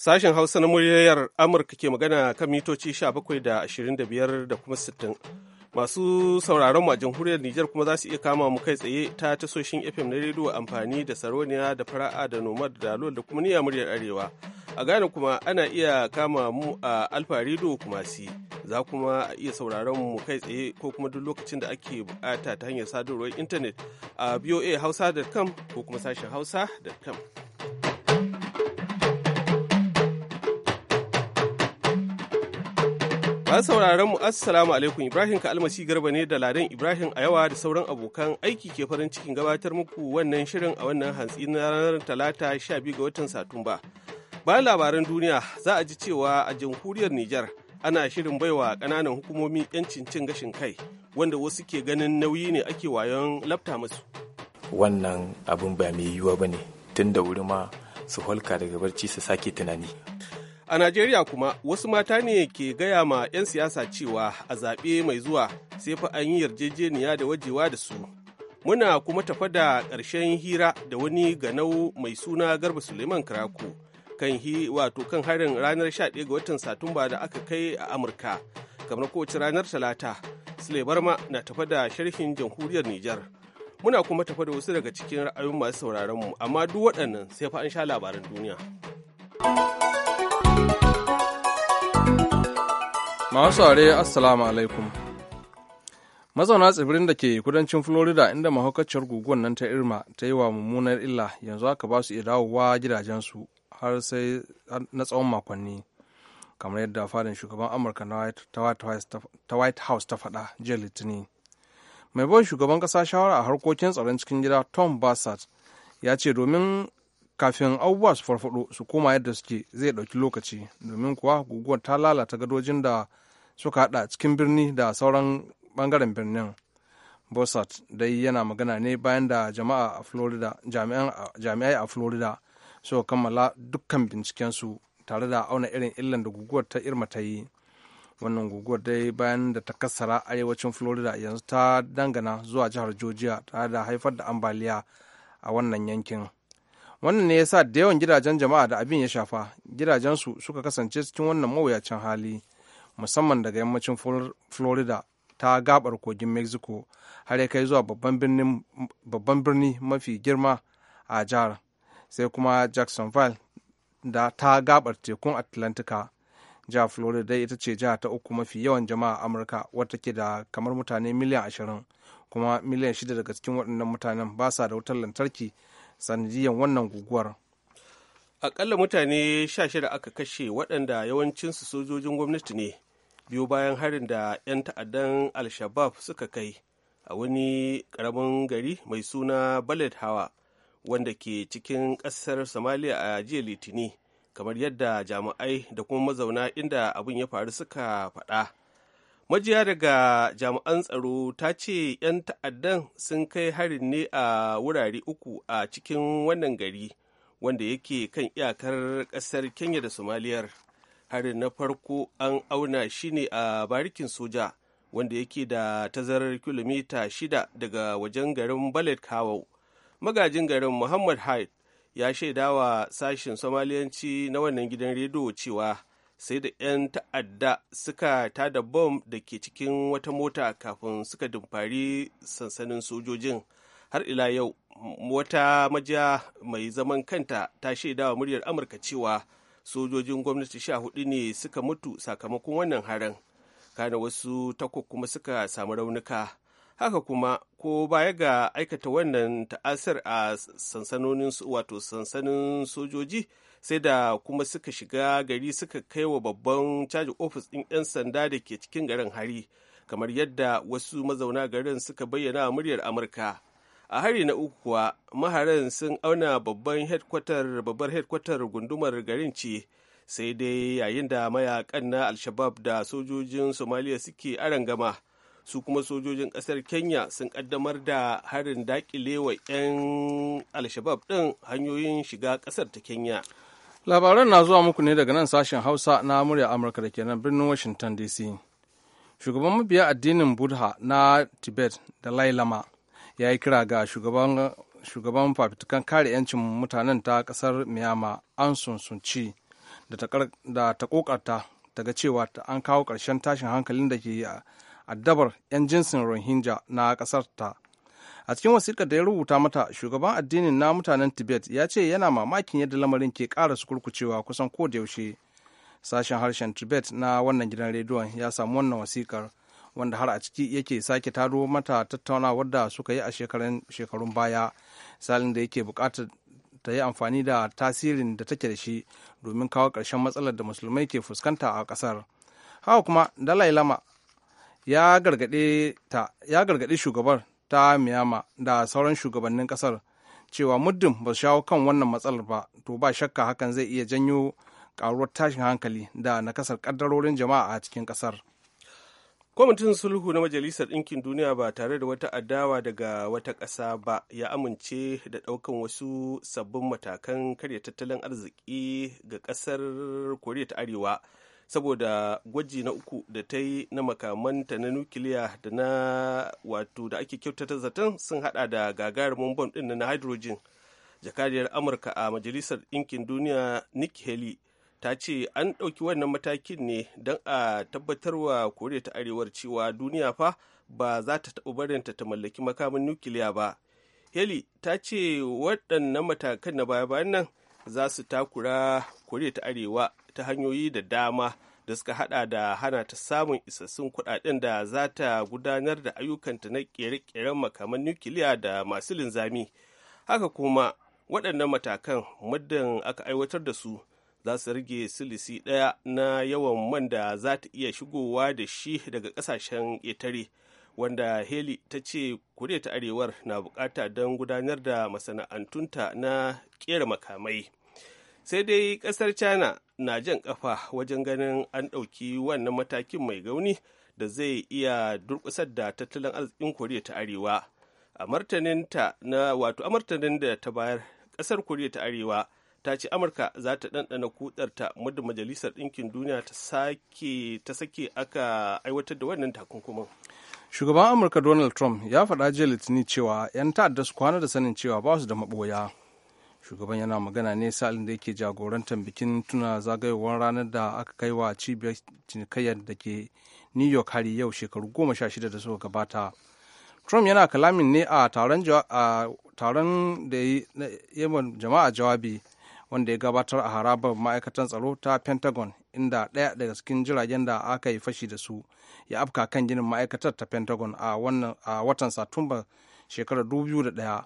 Sashen Hausa na muryar Amurka ke magana kan mitoci 17 da 25 da kuma 60. Masu sauraron mu a jamhuriyar Nijar kuma za su iya kama mu kai tsaye ta tasoshin FM na rediyo amfani da Saroniya da Fara'a da Nomad da Lol da kuma Niyya muryar Arewa. A gane kuma ana iya kama mu a Alfa Radio kuma si. Za kuma a iya sauraron mu kai tsaye ko kuma duk lokacin da ake bukata ta hanyar sadarwar intanet a voahausa.com ko kuma sashen hausa.com. Masu sauraron mu assalamu alaikum Ibrahim ka almasi garba ne da Ladan Ibrahim a yawa da sauran abokan aiki ke farin cikin gabatar muku wannan shirin a wannan hantsi na ranar Talata 12 ga watan Satumba. Bayan labaran duniya za a ji cewa a jamhuriyar Nijar ana shirin baiwa ƙananan hukumomi 'yancin cin gashin kai wanda wasu ke ganin nauyi ne ake wayon lafta masu. Wannan abin ba mai yiwuwa ba ne tun da wuri ma su holka daga barci su sake tunani A Najeriya kuma wasu mata ne ke gaya ma 'yan siyasa cewa a zaɓe mai zuwa sai fa an yi yarjejeniya da wajewa da su. Muna kuma tafa da ƙarshen hira da wani ganau mai suna Garba Suleiman Karaku kan hi wato kan harin ranar 11 ga watan Satumba da aka kai a Amurka. Kamar kowace ranar Talata, Sule Barma na tafa da sharhin jamhuriyar Nijar. Muna kuma tafa da wasu daga cikin ra'ayoyin masu sauraron mu, amma duk waɗannan sai fa an sha labaran duniya. Masu are Assalamu alaikum. Mazauna tsibirin da ke kudancin Florida inda mahaukaciyar guguwar nan ta Irma ta yi wa mummunar illa yanzu aka ba su iya dawowa gidajensu har sai na tsawon makonni. Kamar yadda fadan shugaban Amurka ta White House ta faɗa jiya litini. Mai ban shugaban ƙasa shawara a harkokin tsaron cikin gida Tom Bassett ya ce domin kafin abubuwa su farfado su koma yadda suke zai ɗauki lokaci domin kuwa guguwar ta lalata gadojin da suka hada cikin birni da sauran bangaren birnin bosat dai yana magana ne bayan da jama'a a florida jami'ai a florida suka kammala dukkan bincikensu tare da auna irin illan da guguwar ta irma ta yi wannan guguwar dai bayan da ta kassara arewacin florida yanzu ta dangana zuwa jihar georgia tare da haifar da ambaliya a wannan yankin wannan ne yasa da yawan gidajen jama'a da abin ya shafa gidajensu suka kasance cikin wannan mawuyacin hali musamman daga yammacin florida ta gabar kogin mexico har ya kai zuwa babban birni mafi girma a jihar sai kuma jacksonville da ta gabar tekun atlantika jihar florida ita ce jihar ta uku mafi yawan jama'a amurka wata ke da kamar mutane miliyan ashirin kuma miliyan shida daga cikin waɗannan mutanen ba sa da wutar lantarki sanadiyan wannan guguwar akalla mutane 16 aka kashe waɗanda yawancinsu sojojin gwamnati ne biyo bayan harin da 'yan ta'addan al-shabab suka kai a wani ƙaramin gari mai suna balad hawa wanda ke cikin ƙasar somalia a jiya litini kamar yadda jami'ai da kuma mazauna inda abin ya faru suka faɗa majiya daga jami'an tsaro ta ce 'yan ta'addan sun kai harin ne a wurare uku a cikin wannan gari wanda yake kan iyakar ƙasar kenya da somaliyar harin na farko an auna shi ne a barikin soja wanda yake da tazarar kilomita shida daga wajen garin balad kawau magajin garin muhammad haid ya shaidawa sashen somaliyanci na wannan gidan rediyo cewa sai da 'yan ta'adda suka tada bom da ke cikin wata mota kafin suka dumfari sansanin sojojin har ila yau wata majiya mai zaman kanta ta shaidawa muryar amurka cewa sojojin gwamnati sha hudu ne suka mutu sakamakon wannan harin kana wasu takwa kuma suka samu raunuka haka kuma ko baya ga aikata wannan ta'asar a sansanonin wato sansanin sojoji sai da kuma suka shiga gari suka kai wa babban caji ofis ɗin 'yan sanda da ke cikin garin hari kamar yadda wasu mazauna garin suka bayyana muryar amurka a hari na uku kuwa maharan sun auna babban headquarter babbar headquarter gundumar garin ce sai dai yayin da mayakan na alshabab da sojojin somaliya suke arangama su kuma sojojin kasar kenya sun kaddamar da harin dakile wa 'yan alshabab din hanyoyin shiga kasar ta kenya labaran na zuwa muku ne daga nan sashen hausa na murya amurka da kenan birnin washington dc shugaban mabiya addinin buddha na tibet da lailama ya yi kira ga shugaban fafitukan kare 'yancin mutanen ta kasar miyama an sunsunci da ta kokarta daga cewa ta an kawo ƙarshen tashin hankalin da ke addabar 'yan jinsin rohingya na ƙasar ta a cikin wasiƙa da ya rubuta mata shugaban addinin na mutanen tibet ya ce yana mamakin yadda lamarin ke ƙara su kurkucewa kusan ko da yaushe sashen harshen tibet na wannan gidan rediyon ya samu wannan wasiƙar wanda har a ciki yake sake taro mata tattaunawar da suka yi a shekarun baya salin da yake bukatar ta yi amfani da tasirin da take da shi domin kawo ƙarshen matsalar da musulmai ke fuskanta a ƙasar haka kuma dalai lama ya gargaɗe shugabar ta miyama da sauran shugabannin ƙasar cewa muddin ba su shawo kan wannan matsalar ba to ba shakka hakan zai iya janyo ƙaruwar tashin hankali da nakasar ƙaddarorin jama'a a cikin ƙasar. kwamitin sulhu na majalisar ɗinkin duniya ba tare da wata adawa daga wata ƙasa ba ya amince da ɗaukan wasu sabbin matakan karya tattalin arziki ga ƙasar koriya ta arewa saboda gwaji na uku da ta yi na makamanta na nukiliya da na wato da ake kyautata zaton sun hada da gagarumin bom ɗin na hydrogen jakadiyar amurka a majalisar ɗinkin duniya nick haley ta ce an ɗauki wannan matakin ne don a tabbatarwa koriya ta arewar cewa duniya fa ba za ta taɓa barinta ta mallaki makamin nukiliya ba heli ta ce waɗannan matakan na baya-bayan nan za su takura koriya ta arewa ta hanyoyi da dama da suka hada da hana ta samun isassun kuɗaɗen da za ta gudanar da ayyukanta na ƙere-ƙeren makaman nukiliya da masu linzami haka kuma waɗannan matakan muddin aka aiwatar da su za su rage silisi ɗaya na yawan man da za ta iya shigowa da shi daga ƙasashen ƙetare wanda heli ta ce kuriya ta arewar na bukata don gudanar da masana'antunta na ƙera makamai sai dai ƙasar china na jan ƙafa wajen ganin an ɗauki wannan matakin mai gauni da zai iya durƙusar da tattalin arzikin kuriya ta arewa a martanin da ta bayar ƙasar kuriya ta arewa ta ce amurka za ta ɗanɗana kudarta muddin majalisar ɗinkin duniya ta sake aka aiwatar da wannan takunkumin shugaban amurka donald trump ya faɗa jiya litinin cewa 'yan ta'adda su kwana da sanin cewa ba su da maboya. shugaban yana magana ne sa'ilin da yake jagorantar bikin tuna zagayowar ranar da aka kai wa cibiyar cinikayyar da ke new york hari yau shekaru goma sha shida da suka gabata trump yana kalamin ne a taron da ya jama'a jawabi wanda ya gabatar a harabar ma'aikatan tsaro ta pentagon inda ɗaya daga cikin jiragen da aka yi fashi da su ya afka kan ginin ma'aikatar ta pentagon a watan satumba shekarar 2001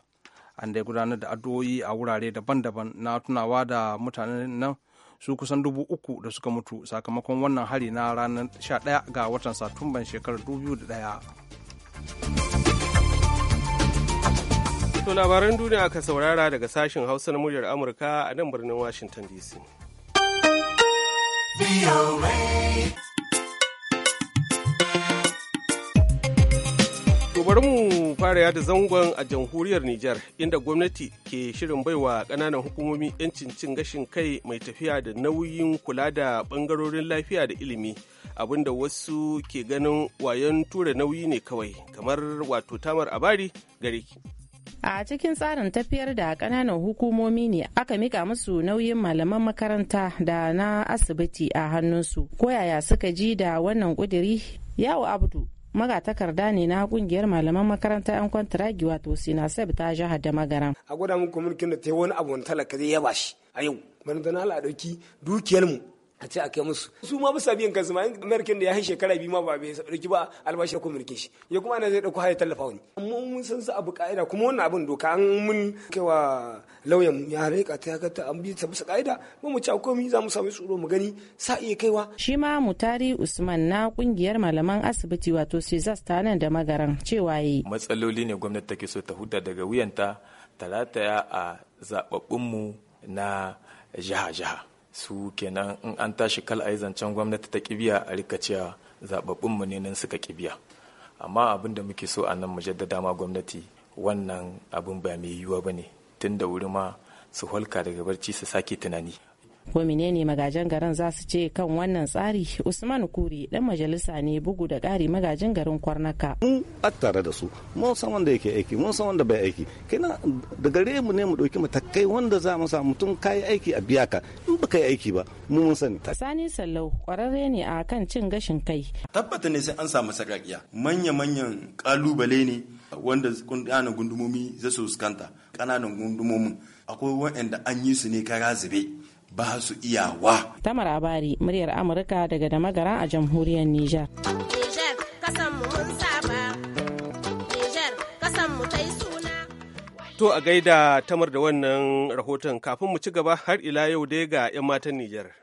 an da gudanar da addu'o'i a wurare daban-daban na tunawa da mutanen nan su kusan dubu uku da suka mutu sakamakon wannan hari na ranar 11 ga watan satumban shekarar 2001 To labaran duniya ka saurara daga sashen Hausa na muryar Amurka a nan birnin Washington DC. bari mu fara yada zangon a jamhuriyar Nijar inda gwamnati ke shirin baiwa ƙananan hukumomi 'yancin cin gashin kai mai tafiya da nauyin kula da ɓangarorin lafiya da ilimi abinda wasu ke ganin wayan tura nauyi ne kawai kamar wato tamar abari gare a cikin tsarin tafiyar da kananan hukumomi ne aka mika musu nauyin malaman makaranta da na asibiti a hannunsu ko yaya suka ji da wannan kuduri yawo abdu magatakarda ne na kungiyar malaman makaranta yan to wato sab ta jihar da magaran a gwada kuma mulkin da ta yi wani abu wani talaka zai yaba shi a yau bana da na ɗauki dukiyarmu a ce a kai musu su ma bisa biyan kansu ma in american da ya yi shekara biyu ma ba bai dauki ba albashi ko mulkin shi ya kuma ana zai dauko haya tallafa wani amma mun san su abu ka'ida kuma wannan abin doka an mun kaiwa lauyan mu ya rika ta ga ta an bi ta bisa ka'ida ba mu ci komi za mu samu tsoro mu gani sa iya kaiwa shi ma mutari usman na kungiyar malaman asibiti wato ta tanan da magaran cewa yi matsaloli ne gwamnati take so ta huta daga wuyanta ta a zaɓaɓɓunmu na jiha-jiha su kenan in an tashi kal a yi zancen gwamnati ta kibiya a rika cewa mu ne nan suka kibiya amma abin da muke so a nan jaddada ma gwamnati wannan abin ba mai yiwuwa ba ne tun wuri ma su holka daga barci su sake tunani ko menene magajin garin za su ce kan wannan tsari usman kuri dan majalisa ne bugu da ƙari magajin garin kwarnaka mun tare da su mun san wanda yake aiki mun san wanda bai aiki kina da gare mu ne mu dauki matakai wanda za mu sa mutum kai aiki a biya ka in baka yi aiki ba mu mun sani sani sallau kwararre ne a kan cin gashin kai tabbata ne sai an samu sakakiya manya-manyan kalubale ne wanda ƙananan gundumomi za su fuskanta kananan gundumomin akwai wa'anda an yi su ne kara zube ba su iyawa. Tamar Abari, muryar Amurka daga damagara a jamhuriyar Nijar. Nijar, kasan mun saba. Nijar, kasan mu ta suna To a gaida tamar da wannan rahoton kafin mu ci gaba har ila yau dai ga 'yan matan Nijar.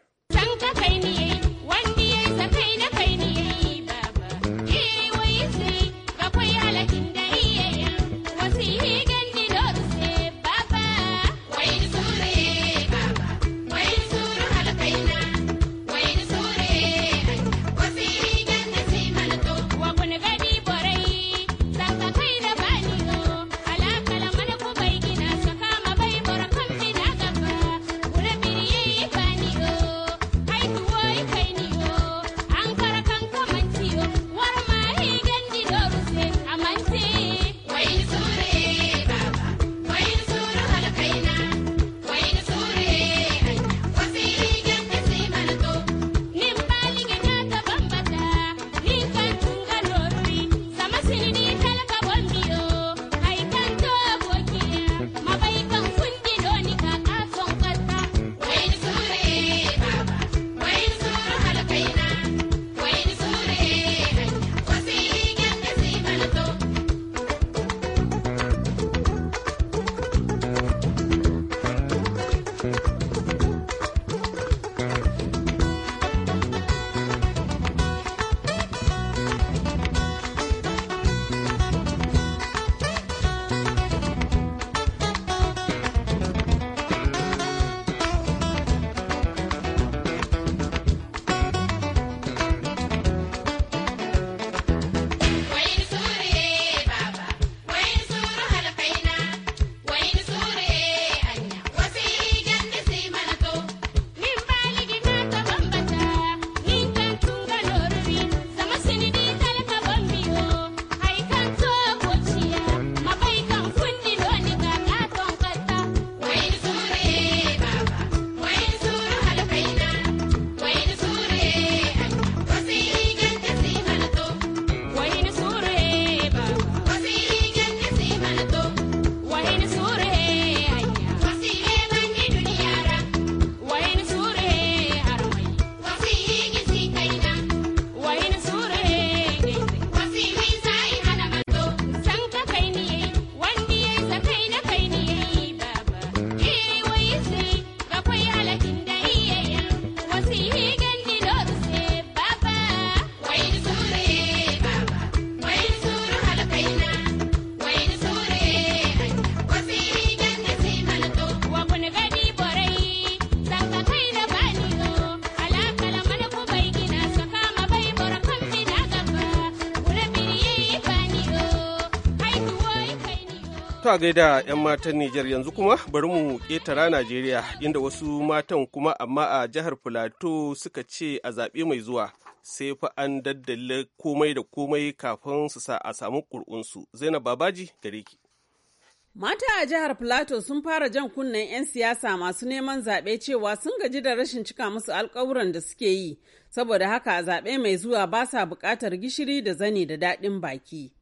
To a gaida 'yan matan Nijar yanzu kuma bari mu ƙetara Najeriya inda wasu matan kuma amma a jihar Filato suka ce a zaɓe mai zuwa sai fa an daddale komai da komai kafin su sa a samu ƙur'unsu. Zainab Babaji gare ki. Mata a jihar Filato sun fara jan kunnen 'yan siyasa masu neman zaɓe cewa sun gaji da rashin cika musu alkawuran da suke yi, saboda haka a zaɓe mai zuwa ba sa buƙatar gishiri da zani da daɗin baki.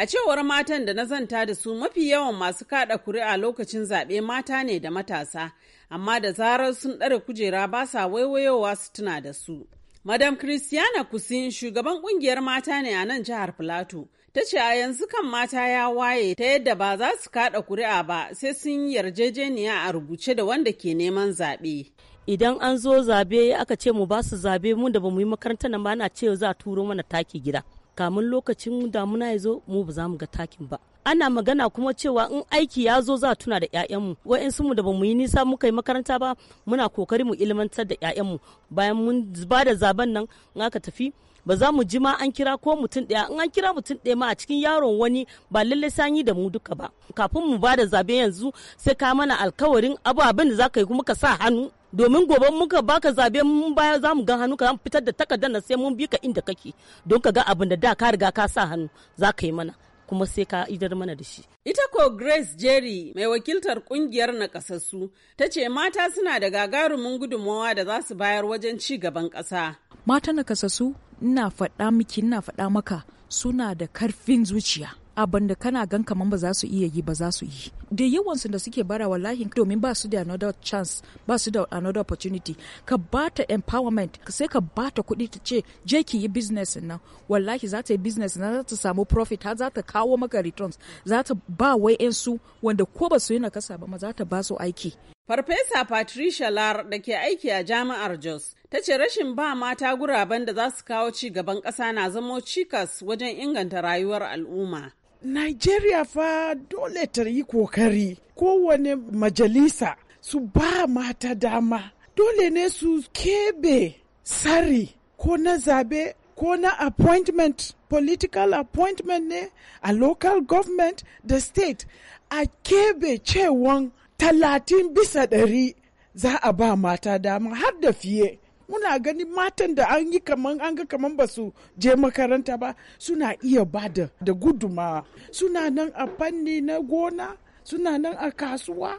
A cewar matan da na zanta da su mafi yawan masu kada kuri'a lokacin zaɓe mata ne da matasa, amma da zarar sun ɗara kujera ba sa waiwayowa su tuna da su. Madam Christiana Kusin shugaban ƙungiyar mata ne a nan jihar Filato. Ta ce a yanzu kan mata ya waye ta yadda ba za su kada kuri'a ba sai sun yarjejeniya a rubuce da wanda ke neman zaɓe. idan an zo zabe aka ce mu ba su zabe mun da ba mu yi makaranta nan ba na ce za a turo mana taki gida kamun lokacin damuna ya zo mu ba za mu ga takin ba ana magana kuma cewa in aiki ya zo za tuna da 'ya'yanmu wa'yansu mu da bamu yi nisa muka yi makaranta ba muna kokari mu ilmantar da 'ya'yanmu bayan mun ba da zaben nan in aka tafi ba za mu ji ma an kira ko mutum ɗaya in an kira mutum ɗaya ma a cikin yaron wani ba lallai san yi da mu duka ba kafin mu ba da zabe yanzu sai ka mana alkawarin abu abin da za ka yi kuma ka sa hannu domin gobe muka baka zabe mun baya za mu ga hannu ka fitar da takardar na sai mun bi ka inda kake don ka ga abin da da ka riga ka sa hannu za ka yi mana kuma sai ka idar mana da shi. Ita ko Grace Jerry mai wakiltar kungiyar nakasassu ta ce mata suna da gagarumin gudummawa da za su bayar wajen ci gaban kasa. Mata nakasassu ina faɗa miki ina faɗa maka suna da karfin zuciya. abin da kana gan kaman ba za su iya yi ba za su yi da yawansu da suke bara wallahi domin ba su da another chance ba su da another opportunity ka ba ta empowerment sai ka ba ta kuɗi ta ce je ki yi business nan wallahi za ta yi business na za ta samu profit har za ta kawo maka returns za ta ba wai su wanda ko ba su yi na kasa ba ma za ta ba su aiki Farfesa Patricia Lar da ke aiki a jami'ar Jos ta ce rashin ba mata guraben da za su kawo ci gaban ƙasa na zamo cikas wajen inganta rayuwar al'umma. nigeria fa dole ta yi kokari kowane majalisa su ba mata dama dole ne su kebe sari ko na zabe ko na appointment political appointment ne a local government da state a kebe cewan talatin bisa ɗari za a ba mata dama har da fiye muna gani matan da an yi kaman an ga kaman ba su je makaranta ba suna iya bada da gudumawa suna nan a fanni na gona suna nan a kasuwa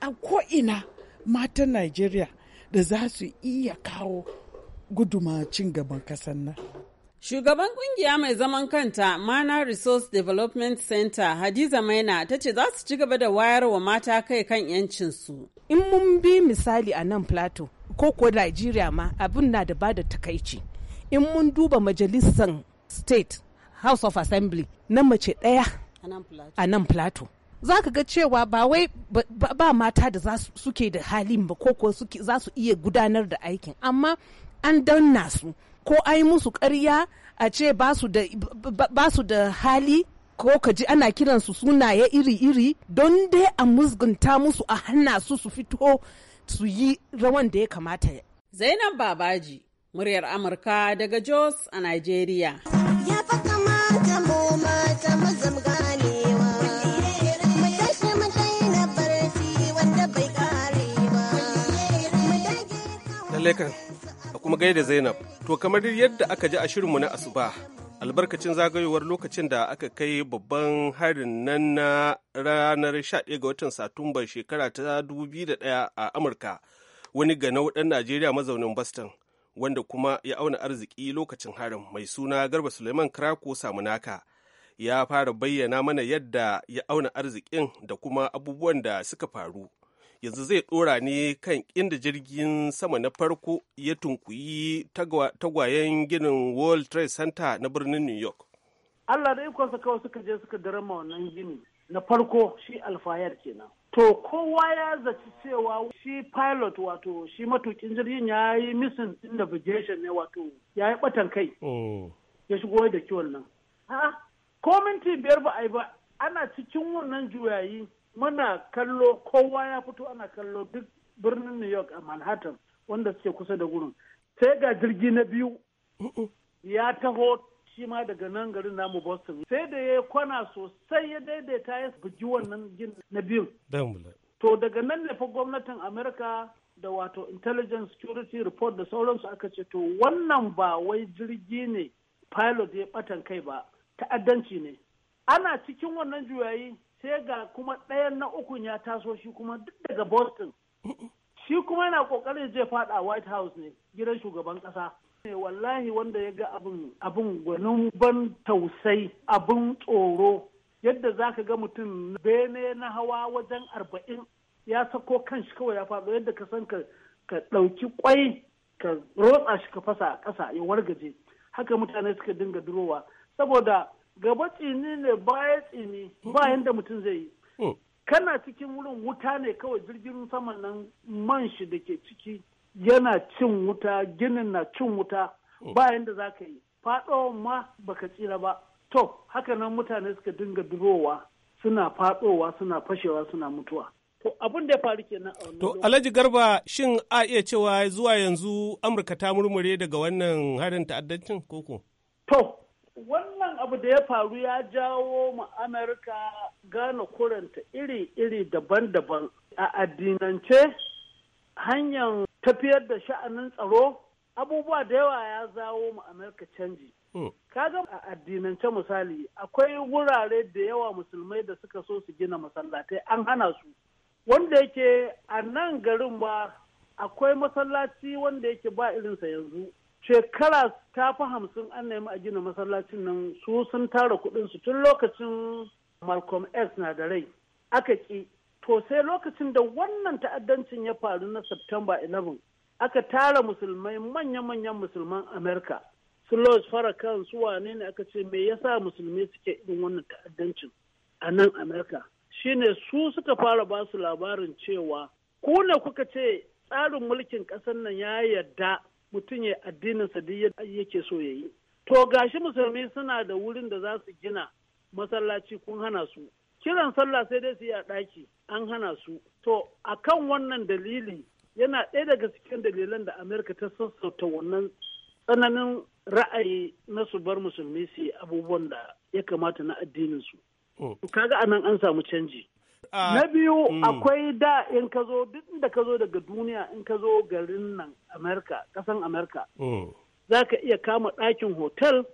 a ko'ina matan Najeriya da za su iya kawo guduma cin gaban kasan nan. Shugaban kungiya mai zaman kanta Mana Resource Development Center Hadiza Maina ta ce za su ci gaba da wayar wa mata kai kan 'yancinsu. In mun bi misali a nan Plateau, ko kuwa Najeriya ma abin na da ba bada takaici in mun duba majalisar state house of assembly na mace ɗaya a nan plato za ka ga cewa ba wai ba mata da suke da halin ba ko kuwa za su iya gudanar da aikin amma an danna su ko ai musu karya a ce ba su da hali ko ka ji ana kiransu sunaye iri-iri don dai a musgunta musu a hana su su fito su yi rawan da ya kamata. Zainab Babaji, muryar Amurka daga Jos a Nigeria. Ya fa kamata mu mata ganewa. Lallai kan, a kuma gaida Zainab, to kamar yadda aka ji a shirinmu na asuba, albarkacin zagayowar lokacin da aka kai babban harin nan na ranar 11 ga watan satumba shekara ta 2001 a amurka wani ga ɗan najeriya mazaunin boston wanda kuma ya auna arziki lokacin harin mai suna garba suleiman krako samunaka ya fara bayyana mana yadda ya auna arzikin da kuma abubuwan da suka faru yanzu zai ɗora ne kan inda jirgin sama na farko ya tunkuyi tagwayen ginin World Trade Center na birnin New York. Allah da ikonsa kawai suka je suka darama wannan gini na farko shi alfayar kenan. To kowa ya zaci cewa shi pilot wato shi matukin jirgin ya yi misin din da ne wato ya yi batan kai. Oh. Ya shigo da kiwon nan. Ha? Ko minti biyar ba a yi ba ana cikin wannan juyayi muna kallo kowa ya fito ana kallo duk birnin new york a manhattan wanda suke kusa da gurin sai ga jirgi na biyu ya taho shi ma daga nan garin namu boston sai da ya kwana sosai ya daidaita ya bugi wannan jin na biyu to daga nan ne fa gwamnatin america da wato intelligence security report da sauransu aka ce to wannan ba wai jirgi ne pilot ya batan kai ba ta'addanci ne ana cikin wannan juyayi sai ga kuma ɗayan na ukun ya taso shi kuma duk daga boston shi kuma yana kokarin zai fada white house ne gidan shugaban ƙasa eh, wallahi wanda ya ga abin gwanin ban tausai abin tsoro yadda za ka ga mutum bene na hawa wajen arba'in ya sako kan shi kawai ya faɗo yadda ka san ka ɗauki kwai ka rotsa shi ka fasa a ƙasa ya wargaje haka mutane suka dinga durowa saboda gaba tsini ne baya tsini ba mm-hmm. yanda mutum zai yi mm. kana cikin wurin wuta ne kawai jirgin saman nan man shi da ke ciki yana cin wuta ginin na cin wuta mm. ba yanda za ka yi faɗowa ma baka tsira ba to haka nan mutane suka dinga durowa suna faɗowa suna fashewa suna mutuwa To abin da ya faru kenan a To Alhaji Garba shin a iya cewa zuwa yanzu Amurka ta murmure daga wannan harin ta'addancin koko? To wannan abu da ya faru ya jawo ma amurka gane kuranta iri-iri daban-daban a addinance hanyar tafiyar da sha'anin tsaro abubuwa da yawa ya zawo ma amurka canji oh. kaga a addinance misali akwai wurare da yawa musulmai da suka so su gina masallatai an hana su wanda yake a nan garin ba akwai masallaci wanda yake ba irinsa yanzu shekara ta fi hamsin an nemi a gina masallacin nan su sun tara su tun lokacin malcolm x na da rai aka ki to sai lokacin da wannan ta'addancin ya faru na september 11 aka tara musulmai manya-manyan musulman america su fara farakan su wane ne aka ce me yasa musulmi suke irin wannan ta'addancin a nan Amerika shine su suka fara ba su labarin cewa ku ne kuka ce tsarin mulkin ƙasar nan ya yadda. mutum ya addininsa duk yake so ya yi to gashi musulmi suna da wurin da za su gina masallaci kun hana su kiran sallah sai dai su yi a ɗaki an hana su to akan wannan dalili yana ɗaya daga cikin dalilan da Amurka ta sassauta wannan tsananin ra'ayi na su bar musulmi su yi abubuwan da ya kamata na addininsu oh. kaga anan an samu canji Uh, na biyu mm. akwai da in ka zo duk da ka zo daga duniya in ka zo garin nan Amerika, kasan Amerika. Mm. Za ka iya kama ɗakin hotel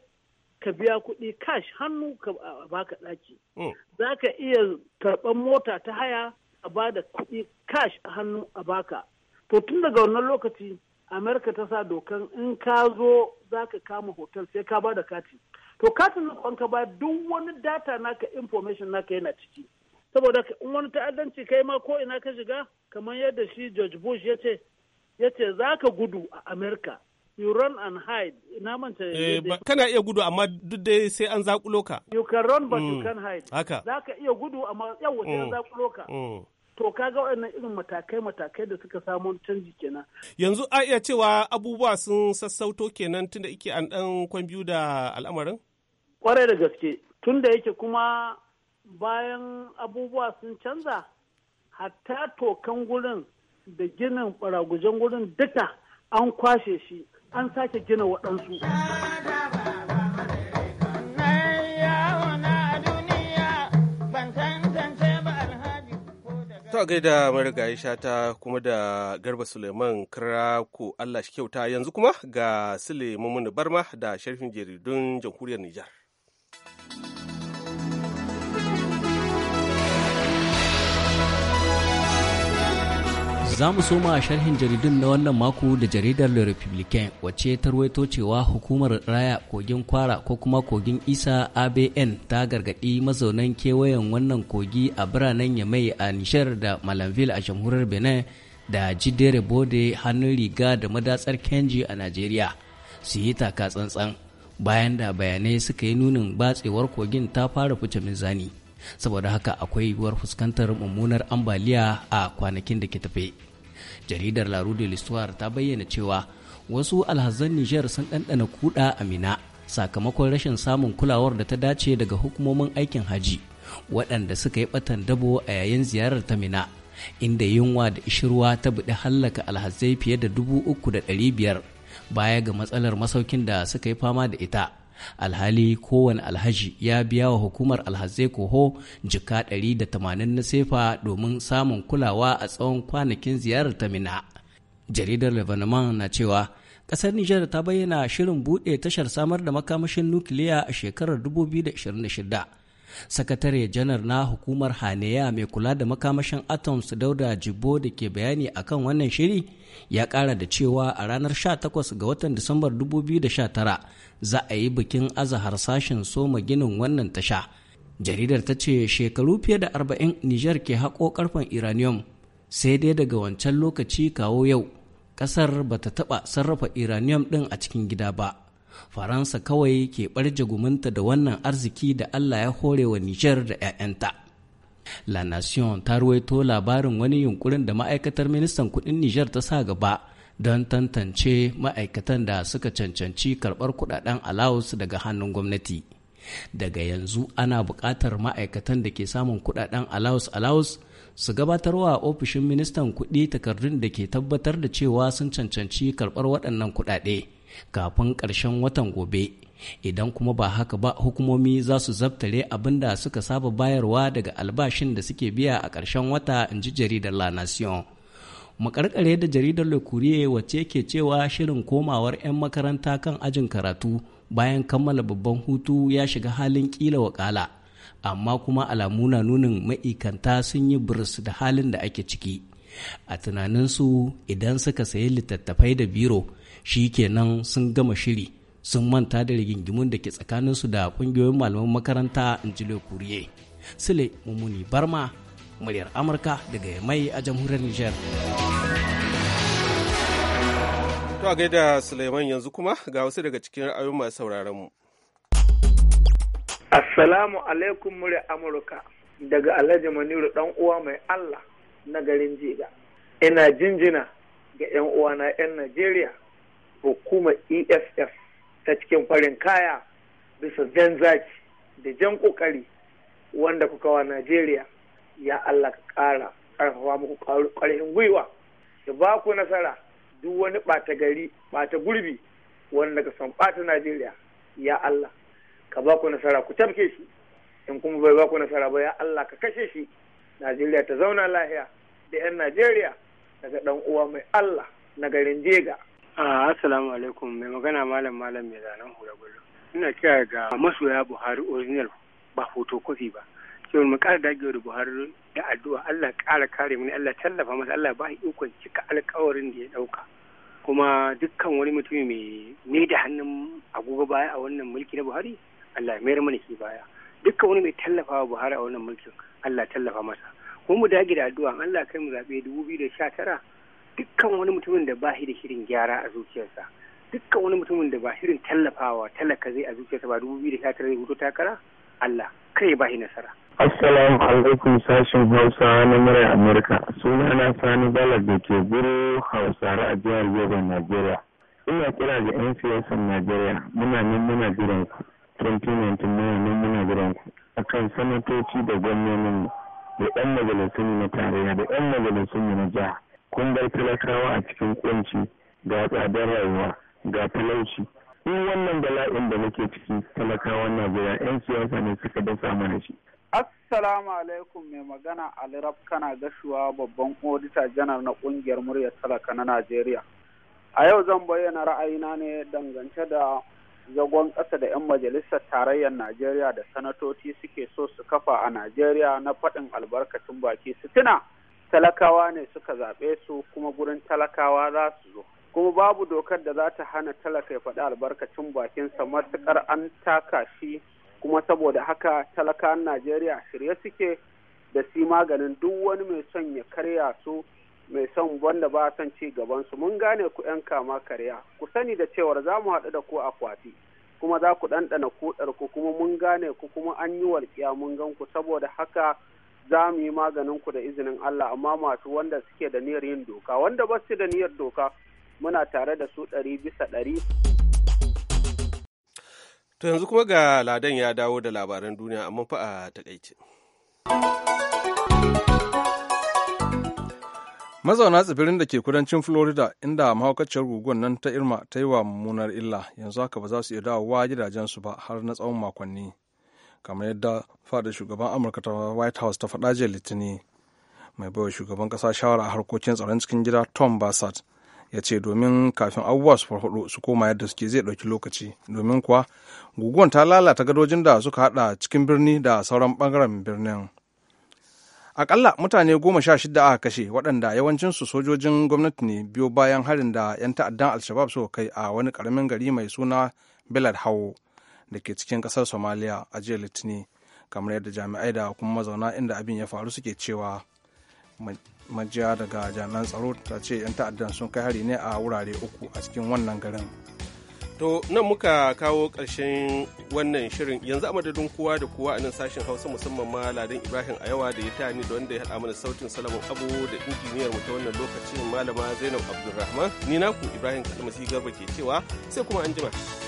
ka biya kuɗi cash hannu ka baka ɗaki. Mm. Za ka iya karɓar mota ta haya a ba da kuɗi cash a hannu a baka. To tun daga wannan lokaci Amerika ta sa dokan in ka zo za ka kama hotel sai ka ba da kati. To katin na ka ba duk wani data naka information naka yana ciki. saboda wani ta'addanci kai ma ko ina ka shiga kamar yadda shi George Bush ya ce ya ce za ka gudu a Amerika you run and hide ina manta eh, kana iya gudu amma duk dai sai an zakulo ka you can run but mm. you can hide haka za ka iya gudu amma yau sai an mm, zakulo ka mm. to kaga waɗannan irin matakai-matakai da suka samu canji kenan. Yanzu a iya cewa abubuwa sun sassauto kenan tunda ike an ɗan kwan biyu da al'amarin? Kwarai da gaske, tunda yake kuma bayan abubuwa sun canza hatta tokan gurin da ginin baragujen gurin duka an kwashe shi an sake gina waɗansu. To gaida marigayi ta kuma da garba Suleiman kara Allah shi kyauta yanzu kuma ga Sule Barma da sharhin jaridun jamhuriyar Nijar. Za mu soma a sharhin jaridun na wannan mako da jaridar Le Republicain wacce ta ruwaito cewa hukumar raya kogin kwara ko kuma kogin isa ABN ta gargaɗi mazaunan kewayen wannan kogi a biranen Yamai a Nishar da Malanville a jamhuriyar Benin da Jidere Bode hannun riga da madatsar Kenji a Najeriya su yi taka tsantsan bayan da bayanai suka yi nunin batsewar kogin ta fara fice mizani saboda haka akwai yiwuwar fuskantar mummunar ambaliya a kwanakin da ke tafe. jaridar la rue de l'histoire ta bayyana cewa wasu alhazan niger sun ɗanɗana kuɗa a mina sakamakon rashin samun kulawar da ta dace daga hukumomin aikin haji waɗanda suka yi ɓatan dabo a yayin ziyarar ta mina inda yunwa da ishirwa ta buɗe hallaka alhazai fiye da dubu uku da ɗari biyar baya ga matsalar masaukin da suka yi fama da ita alhali kowane alhaji ya biya wa hukumar alhazai koho jika 180 na sefa domin samun kulawa a tsawon kwanakin ziyarar ta mina jaridar lebanon na cewa ƙasar nijar ta bayyana shirin buɗe tashar samar da makamashin nukiliya a shekarar 2026 sakatare janar na hukumar haneya mai kula da makamashin atoms dauda jibo da ke bayani akan wannan shiri ya kara da cewa a ranar 18 ga watan disambar 2019 za a yi bikin azahar harsashin soma ginin wannan tasha jaridar ta ce shekaru fiye da 40 niger ke haƙo karfen iranium sai dai daga wancan lokaci kawo yau ƙasar ba ta taɓa sarrafa iranium ɗin a cikin gida ba faransa kawai ke ɓarje jagumanta da wannan arziki da allah ya hore wa nijar da 'ya'yanta la nation ta ruwaito labarin wani yunkurin da ma'aikatar ministan kudin nijar ta sa gaba don tantance ma'aikatan da suka cancanci karɓar kudaden alawus daga hannun gwamnati daga yanzu ana buƙatar ma'aikatan da ke samun kudaden alawus alawus su gabatarwa ofishin ministan kuɗi takardun da ke tabbatar da cewa sun cancanci karɓar waɗannan kuɗaɗe kafin ƙarshen watan gobe idan kuma ba haka ba hukumomi za su zabtare abin da suka saba bayarwa daga albashin da suke biya a ƙarshen wata in ji jaridar la nation makarkare da jaridar le courrier wacce ke cewa shirin komawar 'yan makaranta kan ajin karatu bayan kammala babban hutu ya shiga halin kila wakala amma kuma alamu na nunin ma'ikanta sun yi burus da halin da ake ciki a tunaninsu idan suka sayi littattafai da biro shi kenan sun gama shiri sun manta da rigingimun da ke tsakaninsu da kungiyoyin malaman makaranta in ji kuriye sule mummuni barma muryar amurka daga mai a jamhuriyar niger to a gaida suleiman yanzu kuma ga wasu daga cikin ra'ayoyin masu sauraron mu assalamu alaikum muryar amurka daga alhaji maniru dan uwa mai allah na garin jiga ina jinjina ga 'yan uwana 'yan najeriya hukumar eff ta cikin farin kaya bisa jan zaki da jan kokari wanda kuka wa najeriya ya allah ka kara karfafa muku ƙarfin gwiwa da ba ku nasara duk wani ɓata gari ɓata gurbi wanda ka san ɓata najeriya ya allah ka ba ku nasara ku tafke shi in kuma bai ba ku nasara ba ya allah ka kashe shi najeriya ta zauna lahiya da 'yan najeriya daga ɗan uwa mai allah na garin jega Assalamu alaikum mai magana malam malam mai zanen hula bello. Ina kira ga masoya Buhari original ba kofi ba. Kewar mu kara dagewa da Buhari da addu'a Allah kara kare mu Allah tallafa masa Allah ba ikon cika alƙawarin da ya ɗauka. Kuma dukkan wani mutum mai ne da hannun agogo baya a wannan mulki na Buhari Allah mayar mana shi baya. Dukkan wani mai tallafa wa Buhari a wannan mulkin Allah tallafa masa. Kuma mu dage da addu'a Allah kai mu zaɓe dubu biyu da sha tara dukkan wani mutumin da ba shi da shirin gyara a zuciyarsa dukkan wani mutumin da ba shirin tallafawa talaka zai a zuciyarsa ba dubu biyu da sha tara zai hoto takara Allah kai ba shi nasara. Assalamu alaikum sashen Hausa na murai Amurka. Suna na Sani bala da ke guru Hausa a jihar Yobe, Najeriya. Ina kira da 'yan siyasar Najeriya muna nan muna jiran ku. 2019 muna nan muna jiran ku. Akan sanatoci da gwamnonin da 'yan majalisun na tarayya da 'yan majalisun na jiha. kun bar talakawa a cikin kunci ga tsadar rayuwa ga talauci in wannan bala'in da muke ciki talakawa na najeriya yan siyasa ne suka dasa mana shi assalamu alaikum mai magana alirab kana gashuwa babban odita janar na kungiyar muryar talaka na najeriya a yau zan bayyana ra'ayina ne dangance da zagon ƙasa da 'yan majalisar tarayyar najeriya da sanatoci suke so su kafa a najeriya na faɗin albarkacin baki sitina. talakawa ne suka zaɓe su kuma gurin talakawa za su zo kuma babu dokar da za ta hana talaka ya faɗi albarkacin bakinsa matuƙar an taka shi kuma saboda haka talakan najeriya shirye suke da si maganin duk wani mai son ya karya su mai son wanda ba son ci gabansu mun gane ku 'yan kama karya ku sani da cewar za mu haɗu da ku akwati kuma za ku ɗanɗana kuɗar ku kuma mun gane ku kuma an yi walƙiya mun gan ku saboda haka za mu yi maganin ku da izinin Allah amma masu wanda suke da niyyar yin doka wanda ba su da niyyar doka muna tare da su ɗari bisa ɗari. To yanzu kuma ga Ladan ya dawo da labaran duniya amma fa a takaice. Mazauna tsibirin da ke kudancin Florida inda mahaukaciyar guguwar nan ta Irma ta yi wa mummunar illa yanzu haka ba za su iya dawowa gidajensu ba har na tsawon makonni. kamar yadda fada shugaban amurka ta white house ta faɗa jiya litinin mai baiwa shugaban ƙasa shawara a harkokin tsaron cikin gida tom bassett ya ce domin kafin abubuwa su farfaɗo su koma yadda suke zai ɗauki lokaci domin kuwa guguwan ta lalata gadojin da suka haɗa cikin birni da sauran ɓangaren birnin akalla mutane goma sha shida aka kashe waɗanda yawancinsu sojojin gwamnati ne biyo bayan harin da 'yan ta'addan alshabab suka kai a wani ƙaramin gari mai suna belad hawo da ke cikin kasar somaliya a jiya litinin kamar yadda jami'ai da kuma mazauna inda abin ya faru suke cewa majiya daga jami'an tsaro ta ce 'yan ta'addan sun kai hari ne a wurare uku a cikin wannan garin to nan muka kawo ƙarshen wannan shirin yanzu a madadin kowa da kowa a nan sashen hausa musamman ma ladan ibrahim a yawa da ya ta ni da wanda ya haɗa mana sautin salamun abu da injiniyar ta wannan lokacin malama zainab abdulrahman ni naku ibrahim kalmasi garba ke cewa sai kuma an jima